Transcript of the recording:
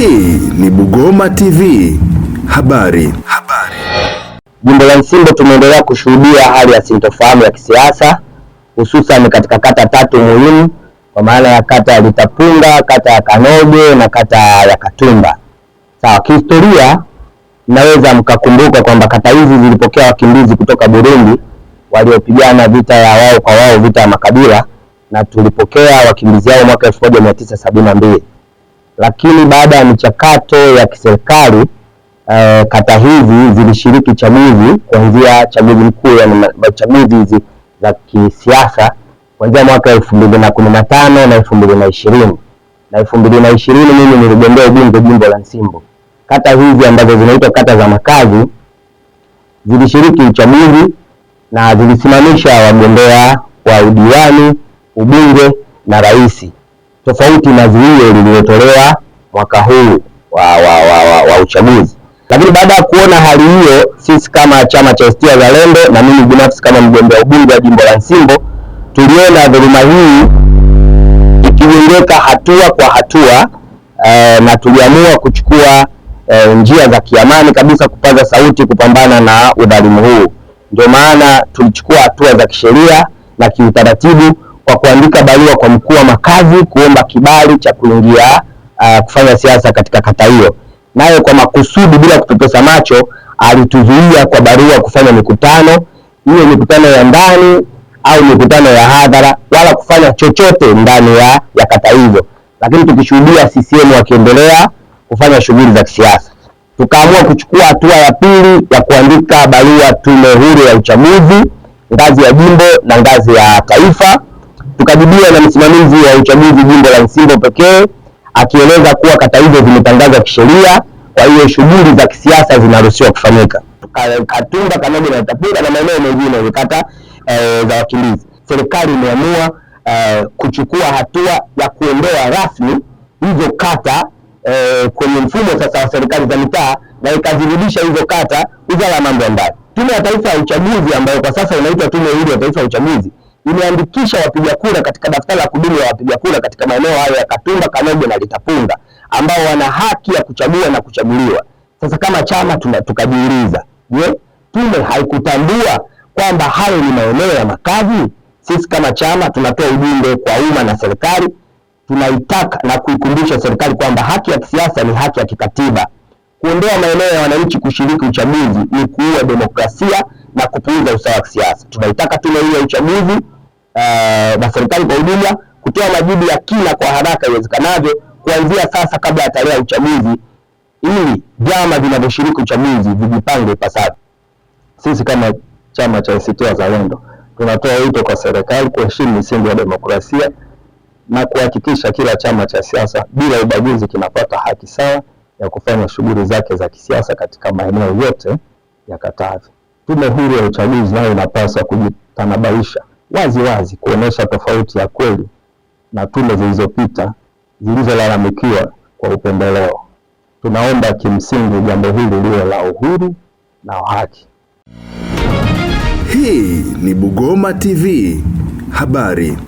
Hii ni Bugoma TV habari. Habari. Jimbo la Nsimbo tumeendelea kushuhudia hali ya sintofahamu ya kisiasa hususan katika kata tatu muhimu kwa maana ya kata ya Litapunga, kata ya Kanoge na kata ya Katumba. Sawa, kihistoria naweza mkakumbuka kwamba kata hizi zilipokea wakimbizi kutoka Burundi waliopigana vita ya wao kwa wao, vita ya makabila, na tulipokea wakimbizi hao mwaka 1972 lakini baada ya michakato ya kiserikali uh, kata hizi zilishiriki chaguzi kuanzia chaguzi mkuu, yani chaguzi hizi za kisiasa kuanzia mwaka elfu mbili na kumi na tano na elfu mbili na ishirini na elfu mbili na ishirini mimi niligombea ubunge jimbo la Nsimbo. Kata hizi ambazo zinaitwa kata za makazi zilishiriki uchaguzi na zilisimamisha wagombea wa udiwani, ubunge na rais tofauti na zuio lililotolewa mwaka huu wa, wa, wa, wa, wa uchaguzi. Lakini baada ya kuona hali hiyo, sisi kama chama cha ACT Wazalendo na mimi binafsi kama mgombea ubunge wa jimbo la Nsimbo tuliona dhuluma hii ikijengeka hatua kwa hatua eh, na tuliamua kuchukua eh, njia za kiamani kabisa kupaza sauti kupambana na udhalimu huu. Ndio maana tulichukua hatua za kisheria na kiutaratibu kuandika barua kwa mkuu wa makazi kuomba kibali cha kuingia uh, kufanya siasa katika kata hiyo. Naye kwa makusudi bila kutupesa macho alituzuia kwa barua kufanya mikutano, hiyo mikutano ya ndani au mikutano ya hadhara, wala kufanya chochote ndani ya, ya kata hizo, lakini tukishuhudia CCM wakiendelea kufanya shughuli za kisiasa tukaamua kuchukua hatua ya pili ya kuandika barua Tume Huru ya Uchaguzi ngazi ya jimbo na ngazi ya taifa tukajibiwa na msimamizi wa uchaguzi jimbo la Nsimbo pekee akieleza kuwa kata hizo zimetangazwa kisheria, kwa hiyo shughuli za kisiasa zinaruhusiwa kufanyika. Katumba, Kanogo na Itapura na maeneo mengine ni kata e, za wakimbizi. Serikali imeamua e, kuchukua hatua ya kuondoa rasmi hizo kata e, kwenye mfumo sasa wa serikali za mitaa na ikazirudisha hizo kata Wizara ya Mambo ya Ndani. Tume ya Taifa ya Uchaguzi ambayo kwa sasa inaitwa Tume Huru ya Taifa ya Uchaguzi imeandikisha wapiga kura katika daftari la kudumu la wapiga kura katika maeneo hayo ya Katumba, Kanogo na Litapunga ambao wana haki ya kuchagua na kuchaguliwa. Sasa kama chama tukajiuliza, je, tume haikutambua kwamba hayo ni maeneo ya makazi? Sisi kama chama tunatoa ujumbe kwa umma na serikali, tunaitaka na kuikumbusha serikali kwamba haki ya kisiasa ni haki ya kikatiba. Kuondoa maeneo ya wananchi kushiriki uchaguzi ni kuua demokrasia na kupuuza usawa wa kisiasa. Tunaitaka tume hiyo ya uchaguzi Eh, na serikali kwa ujumla kutoa majibu ya kina kwa haraka iwezekanavyo kuanzia sasa kabla ya tarehe ya uchaguzi ili vyama vinavyoshiriki uchaguzi vijipange ipasavyo. Sisi kama chama cha ACT Wazalendo tunatoa wito kwa serikali kuheshimu misingi ya demokrasia na kuhakikisha kila chama cha siasa bila ubaguzi kinapata haki sawa ya kufanya shughuli zake za kisiasa katika maeneo yote ya Katavi. Tume Huru ya Uchaguzi nayo inapaswa kujitanabaisha wazi wazi kuonesha tofauti ya kweli na tume zilizopita zilizolalamikiwa kwa upendeleo. Tunaomba kimsingi jambo hili liwe la uhuru na haki. Hii ni Bugoma TV habari.